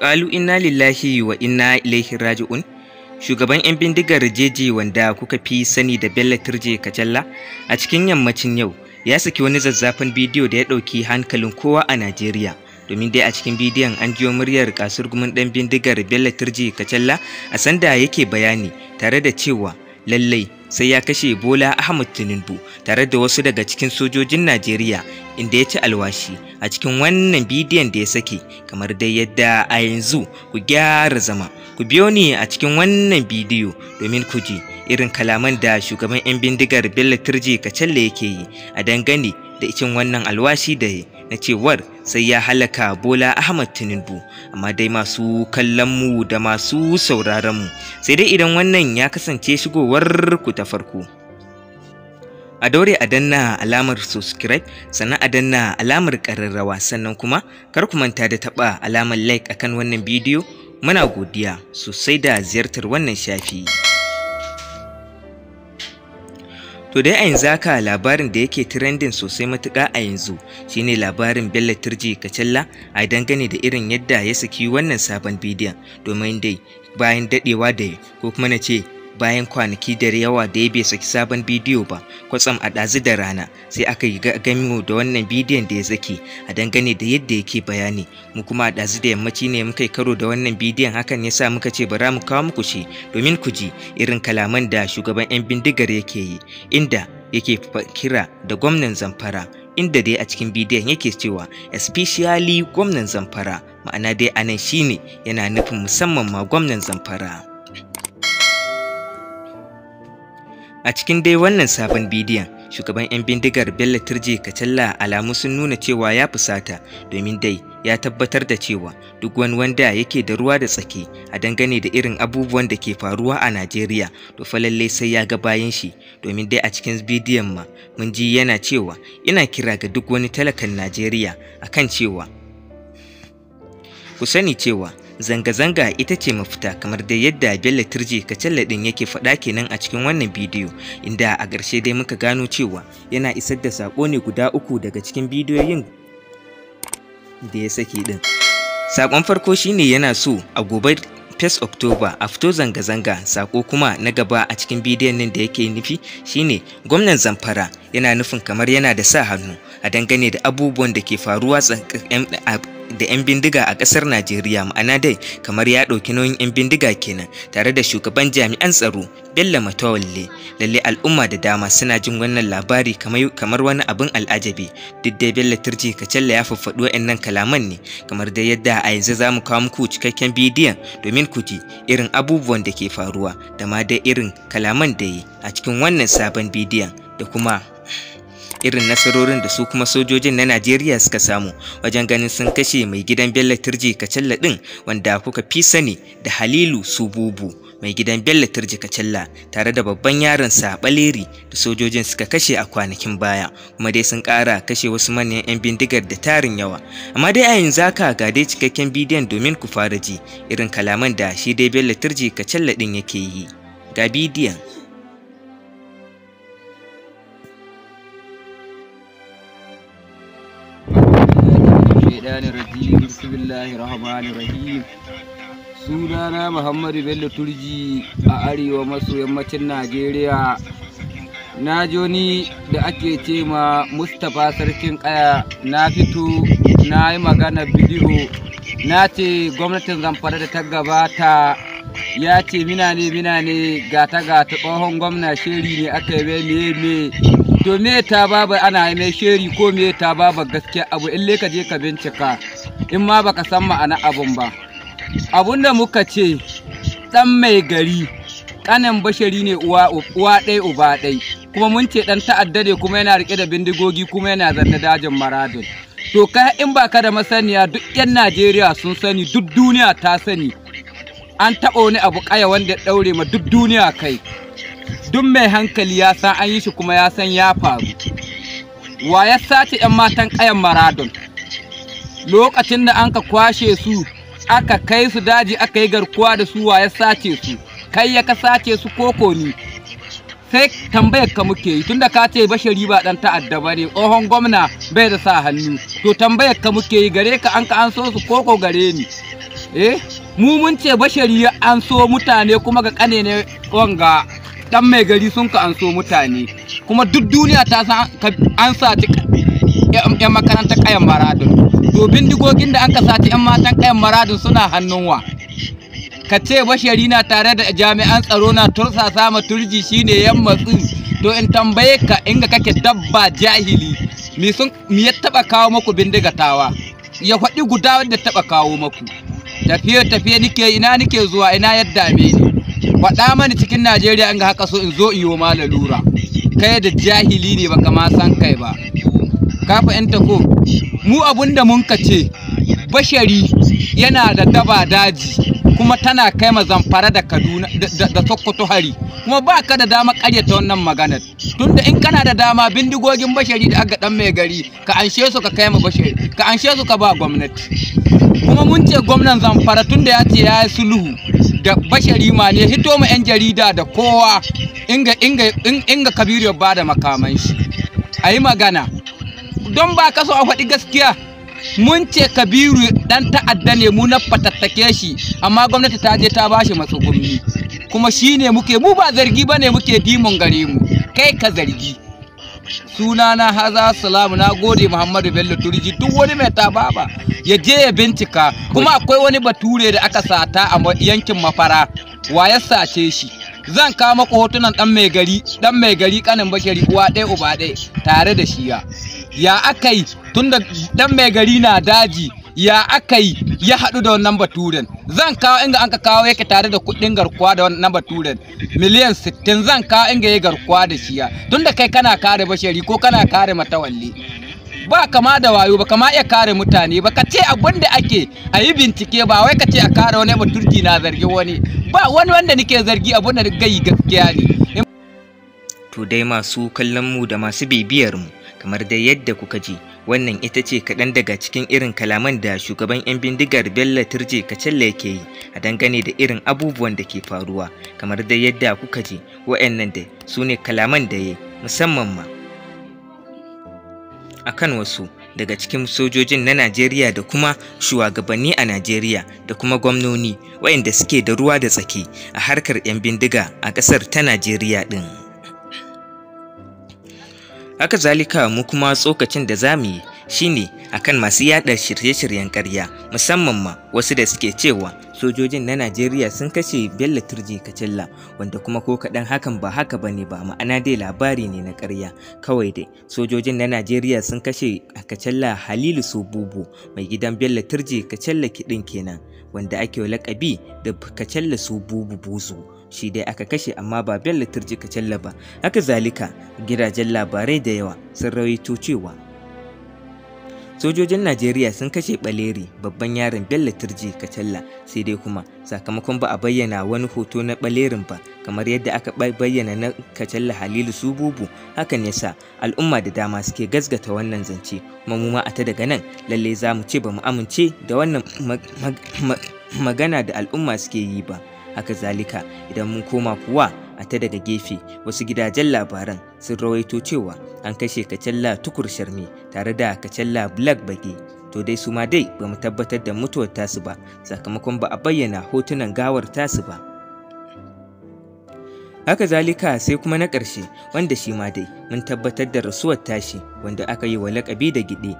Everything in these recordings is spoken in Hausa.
Ƙalu inna lillahi wa inna ilaihi raji'un. Shugaban 'yan bindigar jeje wanda kuka fi sani da Bello Turje Kajalla a cikin yammacin yau ya saki wani zazzafan bidiyo da ya ɗauki hankalin kowa a Najeriya. domin dai a cikin bidiyon an jiyo muryar kasar gumin ɗan bindigar Bello Turji Kacalla a sanda yake bayani tare da cewa lallai sai ya kashe Bola Ahmed Tinubu tare da wasu daga cikin sojojin Najeriya inda ya ci alwashi a cikin wannan bidiyon da ya sake kamar dai yadda a yanzu ku gyara zama ku biyo ni a cikin wannan bidiyo domin ku ji irin kalaman da shugaban 'yan bindigar Bello Turji Kacalle yake yi a dangane da cikin wannan alwashi da ya na cewar sai ya halaka Bola Ahmad Tinubu amma dai masu kallon mu da masu sauraron mu sai dai idan wannan ya kasance shigowar ku ta farko a daure a danna alamar subscribe sannan a danna alamar ƙararrawa sannan kuma kar ku manta da taɓa alamar like akan wannan bidiyo muna godiya sosai da ziyartar wannan shafi. To dai a yanzu haka labarin da yake trending sosai matuƙa a yanzu shine labarin Bello Turji Kacalla a dangane da irin yadda ya saki wannan sabon bidiyon domin dai bayan daɗewa da ko kuma na ce bayan kwanaki da yawa da ya bai saki sabon bidiyo ba kwatsam a ɗazu da rana sai aka yi gamiwo da wannan bidiyon da ya zake a dangane da yadda yake bayani mu kuma a ɗazu da yammaci ne muka karo da wannan bidiyon hakan ya sa muka ce bara mu kawo muku shi domin ku ji irin kalaman da shugaban 'yan bindigar yake yi inda yake kira da gwamnan zamfara inda dai a cikin bidiyon yake cewa especially gwamnan zamfara ma'ana dai anan shine yana nufin musamman ma gwamnan zamfara A cikin dai wannan sabon bidiyon, shugaban 'yan bindigar Bello Turje Kacalla alamu sun nuna cewa ya fusata domin dai ya tabbatar da cewa duk wani wanda yake da ruwa da tsaki a dangane da irin abubuwan da ke faruwa a Najeriya to fa sai ya ga bayan shi domin dai a cikin bidiyon ma mun ji yana cewa ina kira ga duk wani talakan Najeriya akan cewa ku sani cewa zanga-zanga ita ce mafita kamar da yadda bello turji kacalla din yake faɗa kenan a cikin wannan bidiyo inda a ƙarshe dai muka gano cewa yana isar da sako ne guda uku daga cikin bidiyoyin da ya saki din saƙon farko shine yana so a gobe Fes Oktoba a fito zanga-zanga sako kuma na gaba a cikin bidiyon nan da yake nufi shine gwamnan Zamfara yana nufin kamar yana da sa hannu a dangane da abubuwan da ke faruwa a da 'yan bindiga a ƙasar Najeriya ma'ana dai kamar ya ɗauki nauyin 'yan bindiga kenan tare da shugaban jami'an tsaro Bello Matawalle lalle al'umma da dama suna jin wannan labari kamar wani abin al'ajabi duk dai Bello Turji Kacalla ya faffaɗo nan kalaman ne kamar dai yadda a yanzu za mu kawo muku cikakken bidiyon domin ku ji irin abubuwan da ke faruwa da ma dai irin kalaman da yi a cikin wannan sabon bidiyon da kuma irin nasarorin da su kuma sojojin na Najeriya suka samu wajen ganin sun kashe mai gidan Bello Turji Kacalla din wanda kuka fi sani da Halilu Sububu mai gidan Bello Turji Kacalla tare da babban yaron sa Baleri da sojojin suka kashe a kwanakin baya kuma dai sun ƙara kashe wasu manyan 'yan bindigar da tarin yawa amma dai a yanzu haka ga dai cikakken bidiyon domin ku fara ji irin kalaman da shi dai Bello Turji Kacalla din yake yi ga bidiyon bismillahi rahmanir rahim sunana muhammadu bello turji a arewa maso yammacin najeriya na joni da ake ce ma mustapha sarkin kaya na fito na yi magana bidiyo na ce gwamnatin zamfara da ta gabata ya ce mina ne mina ne gata gata tsohon gwamna sheri ne aka yi me to me ta babu ana mai sheri ko me ta babu gaskiya abu in ka je ka bincika in ma baka san ma'ana abun ba abunda muka ce dan mai gari kanin bashari ne uwa ɗai uba ɗai kuma mun ce dan ta'adda ne kuma yana rike da bindigogi kuma yana zanne dajin maradon to ka in baka da masaniya duk 'yan najeriya sun sani duk duniya ta sani an taɓa wani abu ƙaya wanda ya ɗaure ma duk duniya kai duk mai hankali ya san an yi shi kuma ya san ya faru wa ya sace 'yan matan ƙayan maradon lokacin da an ka kwashe su aka kai su daji aka yi garkuwa da su wa ya sace su kai ya ka sace su koko ni sai tambayar ka muke yi tunda ka ce bashari ba dan ta'adda ba ne tsohon gwamna bai da sa hannu to tambayar ka muke yi gare ka an ka an so su koko gare ni eh mu mun ce bashari an so mutane kuma ga kane ne wanga dan mai gari sun ka an so mutane kuma duk duniya ta san an sa yan makaranta kayan maradon to bindigogin da an ka saci 'yan matan kayan maradin suna hannunwa ka ce bashari na tare da jami'an tsaro na tursasa, sama turji shine yan matsi to in tambaye ka inga kake dabba jahili mi sun mi ya taba kawo maku bindigatawa ya faɗi guda wanda taba kawo maku tafiye tafiye nike ina nike zuwa ina yadda me ni faɗa mani cikin najeriya in ga haka so in zo iyo ma lalura kai da jahili ne baka ma san kai ba kafa yan tako mu abun mun ka ce bashari yana da daba daji kuma tana kai ma zamfara da kaduna da sokoto hari kuma ba ka da dama karyata wannan magana tunda in kana da dama bindigogin bashari da aka dan mai gari ka anshe su ka kai ma bashari ka anshe su ka ba gwamnati kuma mun ce gwamnan zamfara tunda ya ce ya yi sulhu da bashari ma ne hito ma yan jarida da kowa inga inga inga kabiru ba da makaman shi a magana don ba ka so a faɗi gaskiya mun ce kabiru dan ta'adda ne mu na fatattake shi amma gwamnati ta je ta bashi matsugumi kuma shi ne muke mu ba zargi ba ne muke dimon gare mu kai ka zargi sunana haza salamu na gode muhammadu bello turji duk wani mai tababa ya je ya bincika kuma akwai wani bature da aka sata a yankin mafara wa ya sace shi zan kama maka hotunan dan mai gari dan mai gari kanin bashari uwa ɗaya uba ɗaya tare da shiya ya aka yi tun da dan mai gari na daji ya aka yi ya haɗu da wannan baturen zan kawo inga an ka kawo yake tare da kuɗin garkuwa da wannan baturen miliyan 60 zan kawo inga ya garkuwa da shi tun da kai kana kare bashari ko kana kare matawalli ba kama da wayo ba kama iya kare mutane ba ka ce abin da ake a yi bincike ba wai ka ce a kare wani ba turki na zargi wani ba wani wanda nake zargi abin da gai gaskiya ne to dai masu kallon mu da masu bibiyar mu kamar dai yadda kuka ji wannan ita ce kaɗan daga cikin irin kalaman da shugaban 'yan bindigar bello turje kacalla yake yi a dangane da irin abubuwan da ke faruwa kamar dai yadda kuka ji wa'annan da su ne kalaman da ya musamman ma A kan wasu daga cikin sojojin na Najeriya da kuma shugabanni a Najeriya da kuma gwamnoni wayanda suke da ruwa da tsaki a harkar 'yan bindiga a ƙasar ta Najeriya ɗin. haka zalika mu kuma tsokacin da za mu yi shine akan masu yada shirye-shiryen karya musamman ma wasu da suke cewa sojojin na Najeriya sun kashe Bello Turji Kacalla wanda kuma ko kaɗan hakan ba haka ba ne ba ma'ana dai labari ne na karya kawai dai sojojin na Najeriya sun kashe a Kacalla Halilu Sobubu mai gidan Bello Turji Kacalla kiɗin kenan wanda ake lakabi da Kacalla Sobubu Buzu shi dai aka kashe amma ba Bello Turji Kacalla ba haka zalika gidajen labarai da yawa sun rawaito cewa sojojin Najeriya sun kashe Baleri babban yaron Bello Turji Kacalla sai dai kuma sakamakon ba a bayyana wani hoto na Balerin ba kamar yadda aka bayyana na Kacalla Halilu Sububu hakan yasa al'umma da dama suke gasgata wannan zance ma a ta daga nan lallai za mu ce ba mu amince da wannan magana da al'umma suke yi ba. haka zalika idan mun koma kuwa a ta daga gefe wasu gidajen labaran sun rawaito cewa an kashe kacalla tukur sharmi tare da kacalla black bage to dai su ma dai ba mu tabbatar da mutuwar tasu ba sakamakon ba a bayyana hotunan gawar tasu ba haka zalika sai kuma na ƙarshe wanda shi ma dai mun tabbatar da rasuwar tashi wanda aka yi wa lakabi da giɗe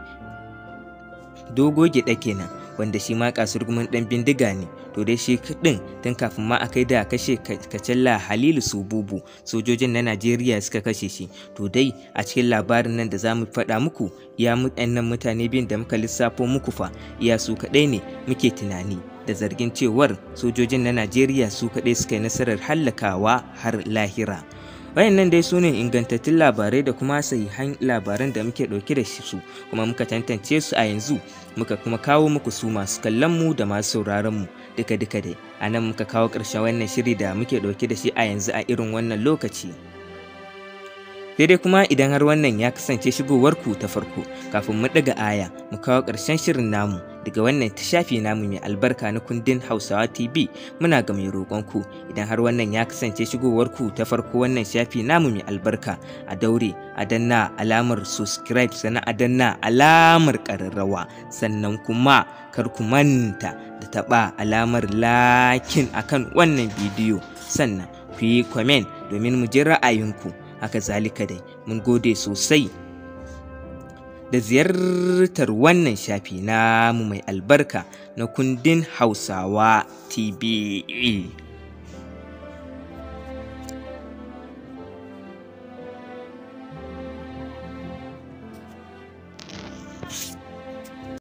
dogo gida kenan wanda shi ma kasurgumin ɗan bindiga ne to dai shi din tun kafin ma a kai da kashe kacalla halilu sububu sojojin na najeriya suka kashe shi to dai a cikin labarin nan da za mu faɗa muku ya nan mutane biyun da muka lissafo muku fa iya su kaɗai ne muke tunani da zargin cewar sojojin na najeriya su kaɗai suka yi nasarar hallakawa har lahira wayannan dai su ne ingantattun labarai da kuma sahihan labaran da muke ɗauke da su kuma muka tantance su a yanzu muka kuma kawo muku su masu kallon mu da masu sauraron mu duka duka dai a nan muka kawo ƙarshen wannan shiri da muke ɗauke da shi a yanzu a irin wannan lokaci daidai kuma idan har wannan ya kasance shigowarku ta farko kafin mu ɗaga aya mu kawo ƙarshen shirin namu daga wannan shafi namu mai albarka na kundin Hausawa TV muna ga mai roƙonku idan har wannan ya kasance shigowar ku ta farko wannan shafi namu mai albarka a daure a danna alamar subscribe sannan a danna alamar ƙararrawa sannan kuma kar manta da taɓa alamar lakin akan wannan bidiyo sannan ku yi comment domin mu ji ra'ayinku haka zalika dai mun gode sosai da ziyartar wannan shafi namu mai albarka na kundin Hausawa TBE.